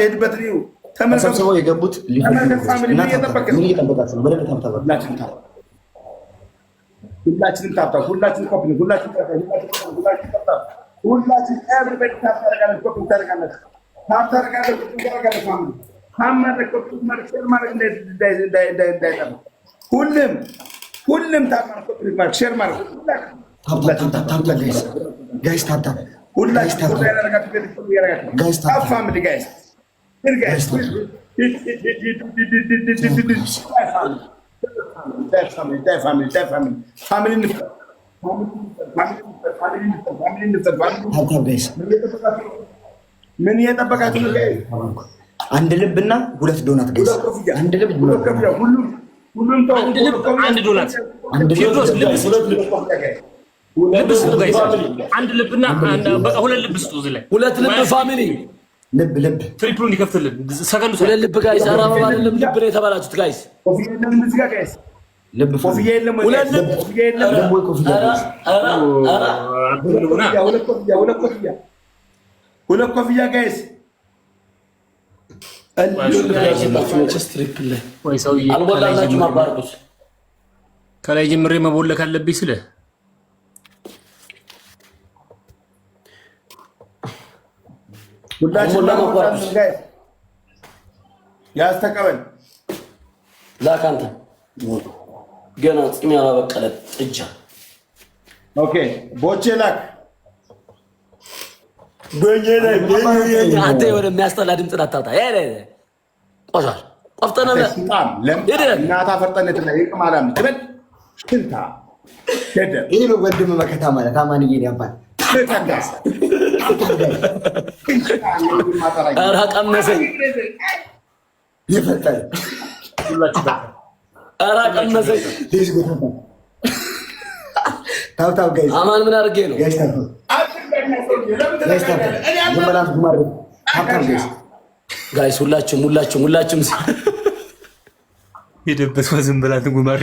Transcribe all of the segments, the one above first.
ሄድበት ነው ተሰብስበው የገቡት ሁላችንም ታብታ ሁላችን ኮፕ ሁላችንም ሁሉም ሁሉም ታማድረግ ኮፕ ማድረግ ሼር ማድረግ ሁላችንም ጋይስ ጋይስ ታብታ ሁላችንም ታብታ ያደርጋችሁ ጋይስ ታብታ ፋሚሊ ጋይስ ምን እየጠበቃችሁ ነው? አንድ ልብ እና ሁለት ዶናት አንድ ልብ አንድ ዶናት፣ ሁለት ልብ ፋሚሊ ልብ ልብ ትሪፕሉ እንዲከፍትልን ልብ ጋይስ፣ ኧረ ልብ ነው የተባላችሁት ጋይስ። ልብ ኮፍያ የለም ሁለት ልብ ኮፍያ ጋይስ። ከላይ ጀምሬ መቦለክ አለብኝ ስለ ሁላችን ያስተቀበል ላክ አንተ ገና ጽም ያላበቀለ ጥጃ ኦኬ ቦቼ ላክ አንተ የሆነ የሚያስጠላ ድምፅ ላታውጣ ቆሻል ቆፍጠነ ፈርጠነት ላይ ማላ ምትበል ሽንታ ይህ ወንድም መከታ ማለት አማንዬ ያባል ኧረ ቀመሰኝ ይፈታል። አማን ምን አድርጌ ነው? ሁላችሁም ሁላችሁም ሁላችሁም የደበስ ዝም ብላ ትጉማሪ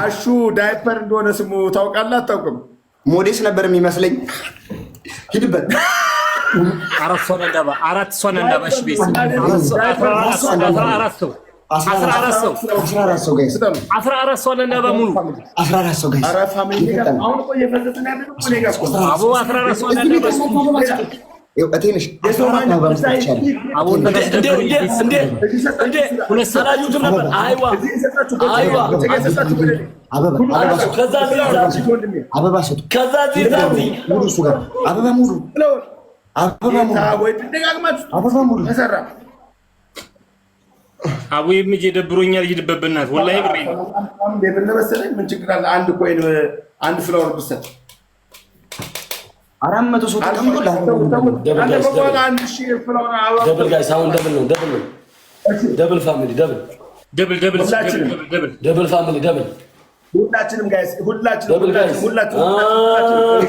አሹ ዳይፐር እንደሆነ ስሙ ታውቃለህ? አታውቅም? ሞዴስ ነበር የሚመስለኝ። ሂድበት አራት ሰው አራት ሰው ነዳባ እሺ ቤት አስራ አራት ሰው አስራ አራት ሰው አራት አላዩትም ነበር። አይዋ አቡዬ ምጄ ደብሮኛል፣ ሂድበት ወላሂ ብሬ ነው። ምን ችግር አለ? አንድ ኮይን አንድ ፍላወር ብሰጥ አራት መቶ ሰው ተቀምጦ ደብል ፋሚሊ ደብል ደብል ደብል ደብል ፋሚሊ ደብል ሁላችንም ጋይስ ሁላችንም ሁላችንም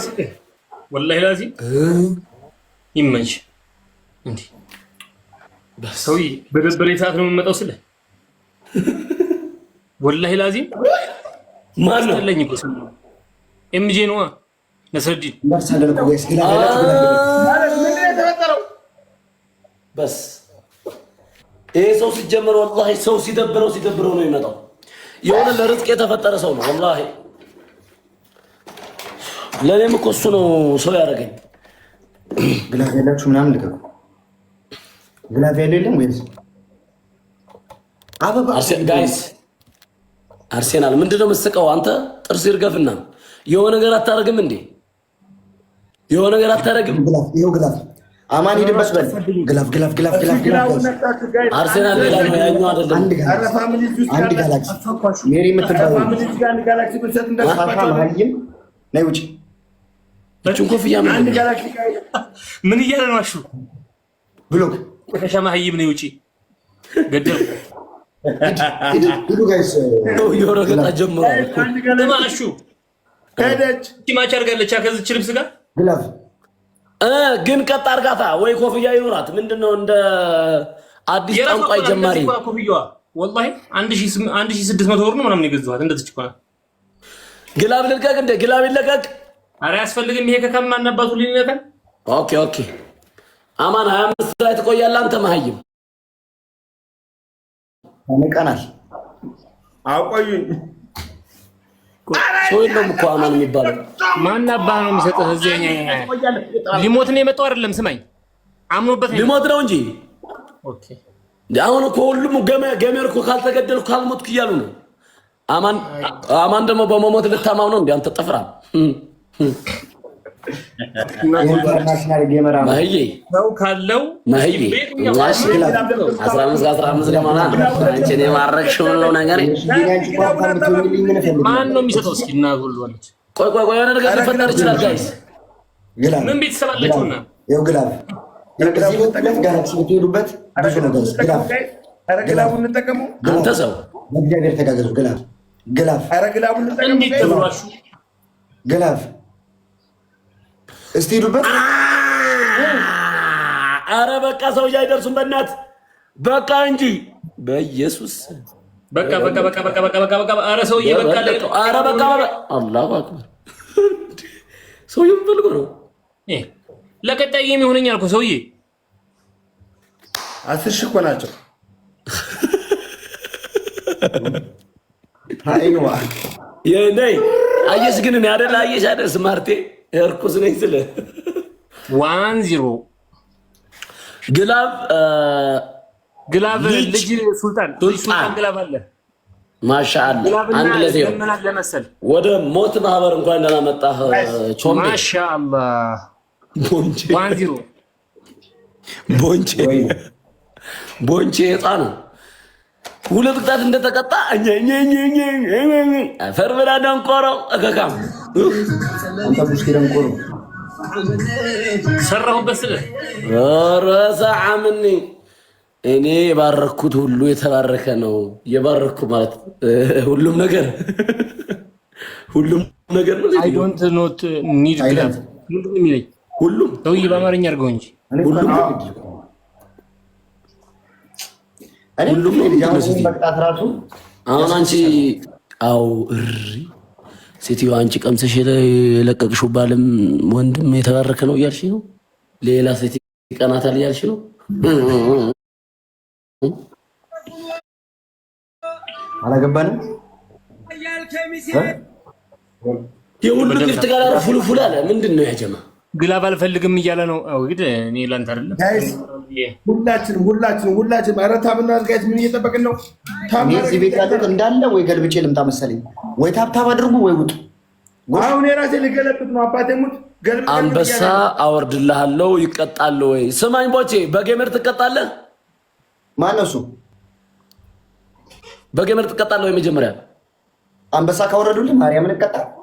ወላሂ ላዚም ይመች እንዴ ሰውዬ በደበሬ ሰዓት ነው የምመጣው። ስለ ወላሂ ላዚም ማን ነው ኤምጄ ነዋ በስ ይሄ ሰው ሲጀመር ወላሂ ሰው ሲደብረው ሲደብረው ነው የሚመጣው። የሆነ ለርዝቅ የተፈጠረ ሰው ነው ወላሂ። ለእኔም እኮ እሱ ነው ሰው ያደረገኝ። ግላፍ ያላችሁ ምናምን ልቀቁ። ግላፍ ያለው የለም ወይስ አበባ? ጋይስ አርሴናል ምንድነው መስቀው? አንተ ጥርስ ይርገፍና የሆነ ነገር አታደርግም እንዴ? የሆነ ነገር አታደርግም። ይኸው ግላፍ አማን ሂድበት በል ግላፍ ግላፍ ግላፍ ግላፍ አርሰናል ሌላ ያኛው አይደለም። አንድ ጋላክሲ ሜሪ የምትባለው ነይ ውጭ። እችን ኮፍያ ምን እያለ ነው አሹ ብሎ ቆሻሻ መሀይም ነይ ውጭ ገደል የሆነ ገጣ ጀምሯል። ማሹ ሄደች ማች አድርጋለች ከዝች ልብስ ጋር ግለፍ ግን ቀጥ አርጋታ ወይ ኮፍያ ይኖራት ምንድነው እንደ አዲስ ጠንቋይ ጀማሪ ኮፍያዋ ወላሂ አንድ ሺህ ስድስት መቶ ብር ነው ምናምን የገዛኋት። እንደዚች እኮ ናት። ግላብ ልልቀቅ፣ እንደ ግላብ ይለቀቅ። አረ ያስፈልግም። ይሄ ከከማ እናባቱ ሊነቀል። ኦኬ ኦኬ። አማን ሀያ አምስት ላይ ትቆያለህ አንተ መሀይም። አንቀናል አቆዩኝ ሰው የለውም እኮ አማን የሚባለው። ማን አባህ ነው የሚሰጥህ? እዚህ ሊሞት ነው የመጣው አይደለም። ስማኝ አምኖበት ሊሞት ነው እንጂ አሁን እኮ ሁሉም ገሜር እኮ ካልተገደልኩ ካልሞትኩ እያሉ ነው። አማን ደግሞ በመሞት ልታማም ነው እንዲ አንተ ጠፍራል ኢንተርናሽናል ጌመራ ማህዬ ነው ካለው ማህዬ ዋሽ ክለብ 15 15 ለማና አንቺ ነው ማረክሽው ነው ነገር ማን ነው የሚሰጠው? እስኪ እና ሁሉ አለች። ቆይ ቆይ ቆይ የሆነ ነገር ሊፈጠር ይችላል። ጋይስ ምን ቤተሰብ አለችውና ያው ግላብ ግላብ አረ እስቲ ሄዱበት። አረ በቃ ሰውዬ አይደርሱም። በእናት በቃ እንጂ በኢየሱስ በቃ በቃ በቃ በቃ በቃ በቃ በቃ አረ ሰውዬ በቃ አረ በቃ አላሁ አክበር። ሰውዬ ፈልጎ ነው ለቀጣይ ሰውዬ አስር ሺህ እኮ ናቸው። አየሽ ግን እኔ አይደል አየሽ አይደል ስማርቴ እርኩስ ነኝ ስለ ዋን ዚሮ ግላብ ግላብ ልጅ ሱልጣን ሱልጣን ግላብ አለ አንድ ወደ ሞት ማህበር እንኳን ደህና መጣህ። ቾምቤ ዋን ዚሮ ቦንቼ ቦንቼ ሁለት ቅጣት እንደተቀጣ ፈርበዳ ደንቆረው እከካም ሰራሁበት ስልህ ረሳ እኔ የባረኩት ሁሉ የተባረከ ነው። የባረኩ ማለት ሁሉም ነገር ሁሉም ነገር ነው። ኖት ኒድ ግላቭ ሁሉም ሰውዬ በአማርኛ አድርገው እንጂ ሁሉም ሁሉም አሁን አንቺ አው እሪ ሴትዮ አንቺ ቀምሰሽ የለቀቅሽው ባልም ወንድም የተባረከ ነው እያልሽ ነው። ሌላ ሴት ቀናታል እያልሽ ነው። አላገባንም የሁሉ ክፍት ጋር ፉልፉል አለ። ምንድን ነው ያጀማ ግላብ አልፈልግም እያለ ነው። እግድ እኔ ላንተ አይደለም። ሁላችንም ሁላችንም ሁላችንም ኧረ ታብና ዝጋየት ምን እየጠበቅን ነው? እዚህ ቤት ያሉት እንዳለ ወይ ገልብጬ ልምጣ መሰለኝ። ወይ ታብታብ አድርጉ ወይ ውጡ። አሁን የራሴ ልገለብጥ ነው። አባቴ ሙት። አንበሳ አወርድልሃለው። ይቀጣል ወይ ስማኝ፣ ቦቼ በጌመር ትቀጣለህ። ማነሱ እሱ? በጌመር ትቀጣለህ ወይ? መጀመሪያ አንበሳ ካወረዱልህ ማርያምን እቀጣለሁ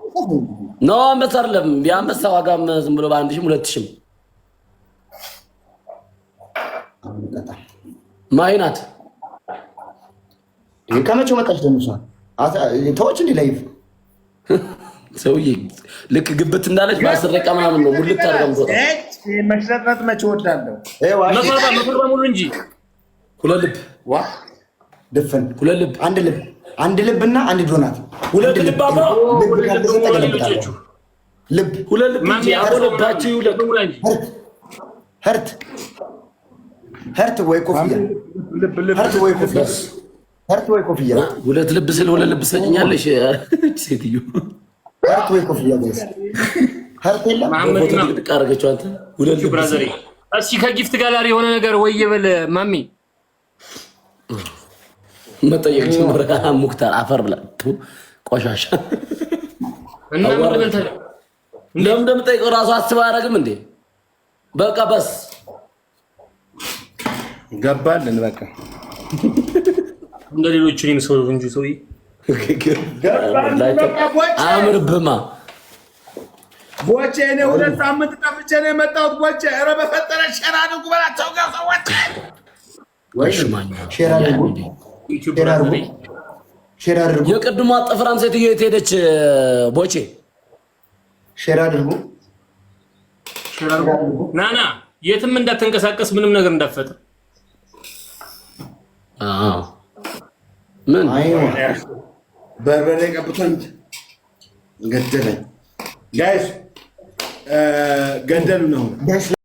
ኖ አንበሳ አይደለም። የአንበሳ ዋጋም ዝም ብሎ በአንድ ሺም ሁለት ሺም ናት። ከመቼው መጣች? ተዎች እንዲ ላይፍ ሰውዬ ልክ ግብት እንዳለች በአስር ደቂቃ ምናምን ነው መሽረጥረጥ መቼ እንጂ ሁለት ልብ ድፍን፣ ሁለት ልብ፣ አንድ ልብ፣ አንድ ልብና አንድ ዶናት ሁለት ልብ አብሮ ልብ ሁለት ልብ አብሮ ልባችሁ ይውለቅ። ህርት ህርት ወይ ኮፍያ ህርት ወይ ኮፍያ ህርት ወይ ኮፍያ ሁለት ልብ ስል ሁለት ልብ ሰጭኛለሽ ሴትዮ ህርት ወይ ኮፍያ ጋይስ ህርት የለም ጥቅ አደረገችው። አንተ ሁለት ልብ እስኪ ከጊፍት ጋላሪ የሆነ ነገር ወይ የበለ ማሚ መጠየቅ ጀመረ። ሙክታር አፈር ብላ ቆሻሻ ለምን እንደምጠይቀው ራሱ አስበህ አያደርግም እንዴ? በቃ በስ ገባልን። በቃ እንደ ሌሎቹ እኔም ሰው እንጂ ሰውዬ አምርብማ ቦቼ እኔ ሁለት ሳምንት ጠፍቼ ነው የመጣሁት። ቦቼ ኧረ በፈጠረ ሸራ አድርጉ በላቸው። ጋር ሰዎች ወይ ሽማኛ ሸራ አድርጉ ሼር አድርጉ። የቅድሟ ጥፍራም ሴትዮ የት ሄደች? ቦቼ ሼር አድርጉ፣ ናና የትም እንዳትንቀሳቀስ ምንም ነገር እንዳትፈጥር። አዎ ምን በርበሬ ቀብቶኝ ገደለኝ። ጋይስ ገደሉ ነው።